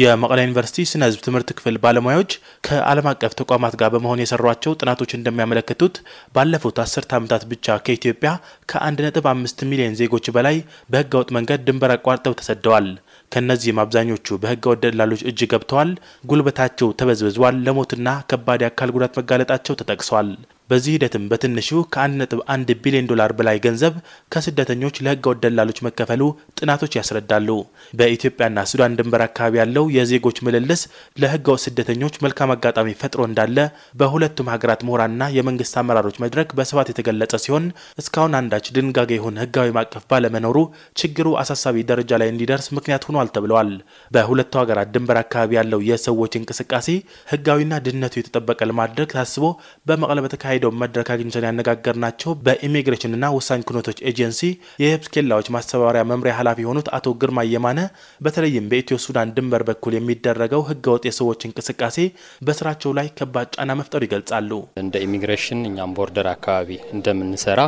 የመቀለ ዩኒቨርሲቲ ስነ ህዝብ ትምህርት ክፍል ባለሙያዎች ከዓለም አቀፍ ተቋማት ጋር በመሆን የሰሯቸው ጥናቶች እንደሚያመለክቱት ባለፉት አስርት ዓመታት ብቻ ከኢትዮጵያ ከ1.5 ሚሊዮን ዜጎች በላይ በህገ ወጥ መንገድ ድንበር አቋርጠው ተሰደዋል። ከእነዚህም አብዛኞቹ በህገወጥ ደላሎች እጅ ገብተዋል፣ ጉልበታቸው ተበዝብዟል፣ ለሞትና ከባድ የአካል ጉዳት መጋለጣቸው ተጠቅሷል። በዚህ ሂደትም በትንሹ ከ1.1 ቢሊዮን ዶላር በላይ ገንዘብ ከስደተኞች ለህገ ደላሎች መከፈሉ ጥናቶች ያስረዳሉ። በኢትዮጵያና ሱዳን ድንበር አካባቢ ያለው የዜጎች ምልልስ ወጥ ስደተኞች መልካም አጋጣሚ ፈጥሮ እንዳለ በሁለቱም ሀገራት ምሁራንና የመንግስት አመራሮች መድረክ በስፋት የተገለጸ ሲሆን እስካሁን አንዳች ድንጋጌ ይሁን ህጋዊ ማዕቀፍ ባለመኖሩ ችግሩ አሳሳቢ ደረጃ ላይ እንዲደርስ ምክንያት ሆኗል ተብለዋል። በሁለቱ ሀገራት ድንበር አካባቢ ያለው የሰዎች እንቅስቃሴ ህጋዊና ድህነቱ የተጠበቀ ለማድረግ ታስቦ በመቀለ በተካሄደ በተካሄደው መድረክ አግኝተን ያነጋገርናቸው በኢሚግሬሽንና ወሳኝ ኩነቶች ኤጀንሲ የህብስ ኬላዎች ማስተባበሪያ መምሪያ ኃላፊ የሆኑት አቶ ግርማ የማነ በተለይም በኢትዮ ሱዳን ድንበር በኩል የሚደረገው ህገወጥ የሰዎች እንቅስቃሴ በስራቸው ላይ ከባድ ጫና መፍጠሩ ይገልጻሉ። እንደ ኢሚግሬሽን እኛም ቦርደር አካባቢ እንደምንሰራ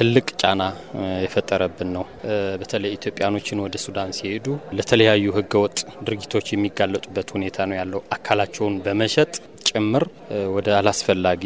ትልቅ ጫና የፈጠረብን ነው። በተለይ ኢትዮጵያኖችን ወደ ሱዳን ሲሄዱ ለተለያዩ ህገወጥ ድርጊቶች የሚጋለጡበት ሁኔታ ነው ያለው አካላቸውን በመሸጥ ጭምር ወደ አላስፈላጊ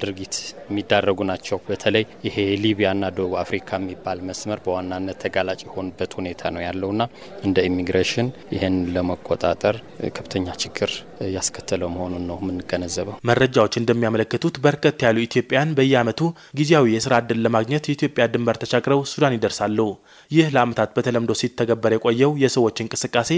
ድርጊት የሚዳረጉ ናቸው። በተለይ ይሄ ሊቢያና ደቡብ አፍሪካ የሚባል መስመር በዋናነት ተጋላጭ የሆኑበት ሁኔታ ነው ያለውና እንደ ኢሚግሬሽን ይህን ለመቆጣጠር ከፍተኛ ችግር ያስከተለው መሆኑን ነው የምንገነዘበው። መረጃዎች እንደሚያመለክቱት በርከት ያሉ ኢትዮጵያውያን በየዓመቱ ጊዜያዊ የስራ ዕድል ለማግኘት የኢትዮጵያ ድንበር ተሻግረው ሱዳን ይደርሳሉ። ይህ ለዓመታት በተለምዶ ሲተገበር የቆየው የሰዎች እንቅስቃሴ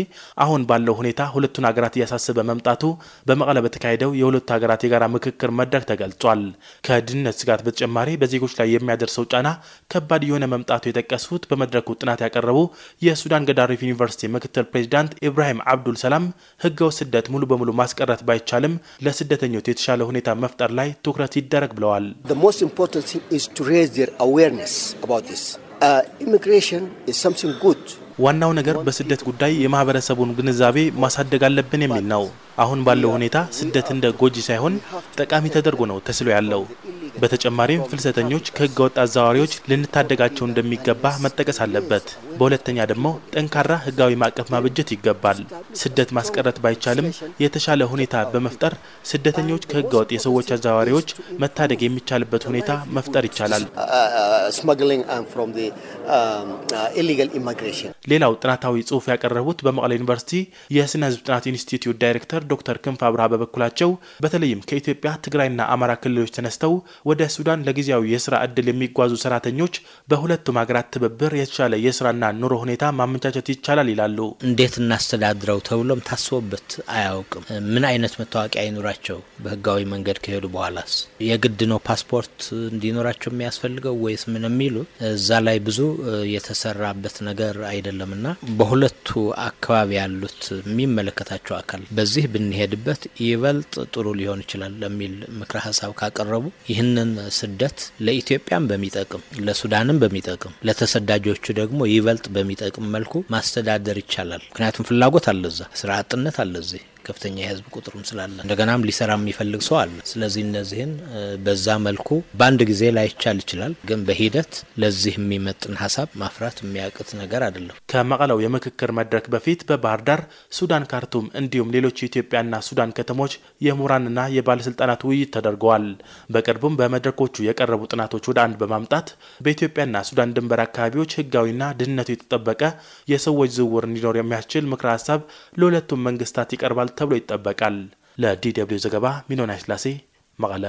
አሁን ባለው ሁኔታ ሁለቱን ሀገራት እያሳሰበ መምጣቱ በመቀለ በተካሄደው የሁለቱ ሀገራት የጋራ ምክክር መድረክ ተገልጿል። ከድህነት ስጋት በተጨማሪ በዜጎች ላይ የሚያደርሰው ጫና ከባድ የሆነ መምጣቱ የጠቀሱት በመድረኩ ጥናት ያቀረቡ የሱዳን ገዳሪፍ ዩኒቨርሲቲ ምክትል ፕሬዚዳንት ኢብራሂም አብዱል ሰላም ህገው ስደት ሙሉ በሙሉ ማስቀረት ባይቻልም ለስደተኞች የተሻለ ሁኔታ መፍጠር ላይ ትኩረት ይደረግ ብለዋል። uh, ዋናው ነገር በስደት ጉዳይ የማህበረሰቡን ግንዛቤ ማሳደግ አለብን የሚል ነው። አሁን ባለው ሁኔታ ስደት እንደ ጎጂ ሳይሆን ጠቃሚ ተደርጎ ነው ተስሎ ያለው። በተጨማሪም ፍልሰተኞች ከህገ ወጥ አዘዋዋሪዎች ልንታደጋቸው እንደሚገባ መጠቀስ አለበት። በሁለተኛ ደግሞ ጠንካራ ህጋዊ ማዕቀፍ ማበጀት ይገባል። ስደት ማስቀረት ባይቻልም የተሻለ ሁኔታ በመፍጠር ስደተኞች ከህገ ወጥ የሰዎች አዘዋዋሪዎች መታደግ የሚቻልበት ሁኔታ መፍጠር ይቻላል። um, um, uh, ሌላው ጥናታዊ ጽሁፍ ያቀረቡት በመቀለ ዩኒቨርሲቲ የስነ ህዝብ ጥናት ኢንስቲትዩት ዳይሬክተር ዶክተር ክንፍ አብርሃ በበኩላቸው በተለይም ከኢትዮጵያ ትግራይና አማራ ክልሎች ተነስተው ወደ ሱዳን ለጊዜያዊ የስራ እድል የሚጓዙ ሰራተኞች በሁለቱም ሀገራት ትብብር የተሻለ የስራና ኑሮ ሁኔታ ማመቻቸት ይቻላል ይላሉ። እንዴት እናስተዳድረው ተብሎም ታስቦበት አያውቅም። ምን አይነት መታወቂያ አይኖራቸው? በህጋዊ መንገድ ከሄዱ በኋላስ የግድ ነው ፓስፖርት እንዲኖራቸው የሚያስፈልገው ወይስ ምን የሚሉ እዛ ላይ ብዙ የተሰራበት ነገር አይደለምና በሁለቱ አካባቢ ያሉት የሚመለከታቸው አካል በዚህ ብንሄድበት ይበልጥ ጥሩ ሊሆን ይችላል ለሚል ምክረ ሀሳብ ካቀረቡ ይህን ይህንን ስደት ለኢትዮጵያም በሚጠቅም ለሱዳንም በሚጠቅም ለተሰዳጆቹ ደግሞ ይበልጥ በሚጠቅም መልኩ ማስተዳደር ይቻላል። ምክንያቱም ፍላጎት አለዛ ስራ አጥነት አለዚህ ከፍተኛ የህዝብ ቁጥርም ስላለ እንደገናም ሊሰራ የሚፈልግ ሰው አለ። ስለዚህ እነዚህን በዛ መልኩ በአንድ ጊዜ ላይቻል ይችላል፣ ግን በሂደት ለዚህ የሚመጥን ሀሳብ ማፍራት የሚያቅት ነገር አይደለም። ከመቀለው የምክክር መድረክ በፊት በባህር ዳር፣ ሱዳን ካርቱም፣ እንዲሁም ሌሎች የኢትዮጵያና ሱዳን ከተሞች የምሁራንና የባለስልጣናት ውይይት ተደርገዋል። በቅርቡም በመድረኮቹ የቀረቡ ጥናቶች ወደ አንድ በማምጣት በኢትዮጵያና ሱዳን ድንበር አካባቢዎች ህጋዊና ድህንነቱ የተጠበቀ የሰዎች ዝውውር እንዲኖር የሚያስችል ምክረ ሀሳብ ለሁለቱም መንግስታት ይቀርባል ተብሎ ይጠበቃል። ለዲ ደብልዩ ዘገባ ሚሊዮን ኃይለሥላሴ መቀለ